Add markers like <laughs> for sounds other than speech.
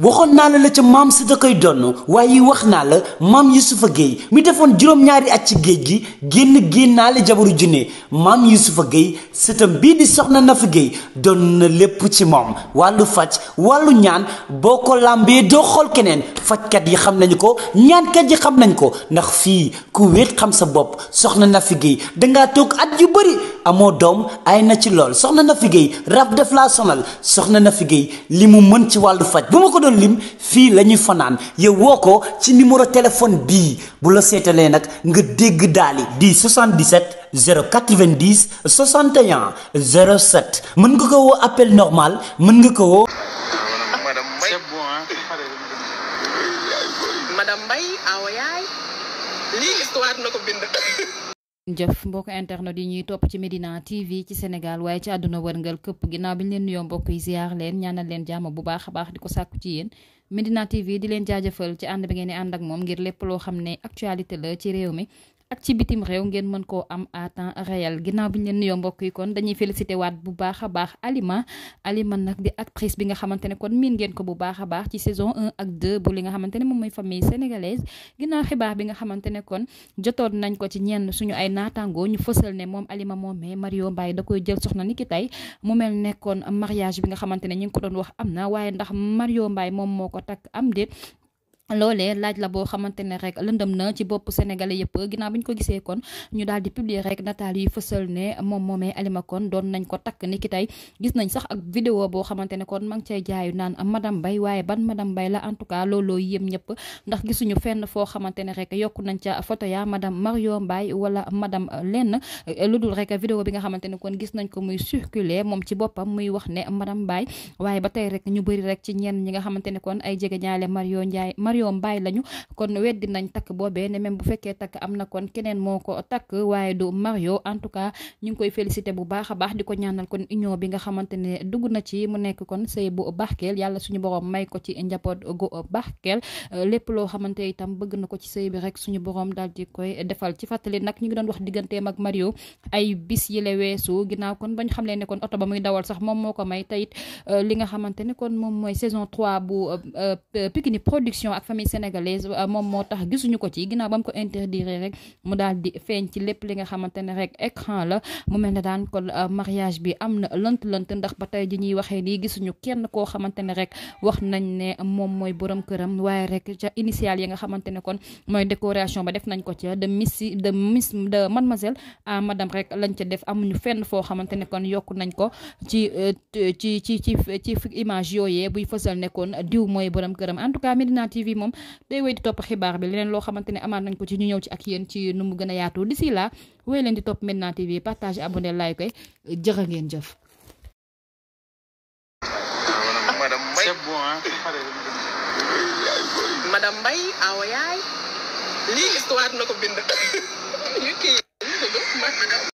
waxoon naa la la ca maam si da koy donn waaye wax naa la maam yusufa géey muy defoon juróom-ñaari at ci géej gi génn génnaale jabaru junne maam yusufa géey sëtam bii di soxna nafi géey doon na lépp ci moom wàllu faj wàllu ñaan boo ko làmbee doo xool keneen fajkat yi xam nañu ko ñaankat yi xam nañu ko ndax fii ku wéet xam sa bopp soxna na fi géey dangaa toog at yu bari amoo doom ay na ci lool soxna na fi géey rab def laa sonal soxna na fi géey li mu mën ci wàllu faj bu ma ko doon lim fii lañuy fanaan yow woo ko ci numéro téléphone bii bu la seetalee nag nga dégg daali di 77 090 61 07 mën nga ko woo appel normal mën nga ko woo <laughs> jëf mbokk internet yi ñuy topp ci Medina TV ci Sénégal waaye ci àdduna wërngal këpp ginnaaw bi ñu leen nuyoo mbokk yi ziar leen ñaanal leen jaama bu baax a baax di ko sàkku ci yéen Medina TV di leen jaajëfal ci ànd bi ngeen di ànd ak moom ngir lépp loo xam ne actualité la ci réew mi ak ci bitim réew ngeen mën koo am à temps réel ginnaaw bi ñu leen nuyoo mbokk yi kon dañuy félicité waat bu baax a baax Alima Alima nag di actrice bi nga xamante ne kon miin ngeen ko bu baax a baax ci saison 1 ak 2 bu li nga xamante ne moom mooy famille sénégalaise ginnaaw xibaar bi nga xamante ne kon jotoon nañ ko ci ñenn suñu ay naataangoo ñu fësal ne moom Alima moomee Mario Mbaye da koy jël soxna ni ki tey mu mel nekkoon mariage bi nga xamante ne ñu ngi ko doon wax am na waaye ndax Mario Mbaye moom moo ko takk am loolee laaj la boo xamante ne rek lëndëm na ci bopp sénégalais yëpp ginnaaw bi ñu ko gisee kon ñu daal di publier rek nataal yi fësal ne moom moomee Alima Kon doon nañ ko takk ni ki tey gis nañ sax ak vidéo boo xamante kon ma ngi cay jaayu naan madame Mbaye waaye ban madame Mbaye la en tout cas rek yokku vidéo bi nga xamante ne kon gis nañ ko muy circuler moom ci boppam muy wax ne madame Mbaye waaye ba tey rek ñu bëri rek ci ñenn ñi nga xamante kon ay jege ñaale Mario Ndiaye Marion Mbaye lañu kon weddi nañ takk boobee ne même bu fekkee takk am na kon keneen moo ko takk waaye du Mario en tout cas ñu ngi koy félicité bu baax a baax di ko ñaanal kon union bi nga xamante dugg na ci mu nekk kon sëy bu barkeel yàlla suñu borom may ko ci njaboot gu barkeel euh, lépp loo xamante itam bëgg na ko ci sëy bi rek suñu borom daal di koy defal ci fàttali nag ñu ngi doon wax digganteem ak Mario ay bis yi la weesu ginnaaw kon bañ xam leen ne kon oto ak famille sénégalaise euh, moom moo tax gisuñu ko ci ginaaw ba mu ko interdire rek mu daal di feeñ ci lépp li nga xamante ne rek écran la mu mel ne daan kon euh, mariage bi am na lënt lant ndax ba tey ji ñuy waxee nii gisuñu kenn koo xamante ne rek wax nañ ne moom mooy borom këram waaye rek ca initial yi nga xamante ne kon mooy décoration ba def nañ ko ca de miss de miss de mademoiselle à euh, madame rek lañ ca def amuñu fenn foo xamante ne kon yokk nañ ko ci ci ci ci ci image yooyee buy fësal ne kon mooy borom këram moom day wéy di topp xibaar bi leneen loo xamante ne amaat nañ ko ci ñu ñëw ci ak yéen ci nu mu gën a yaatu d'ici là wéy leen di topp Médina TV partage abonné laay koy jërë ngeen jëf. <laughs>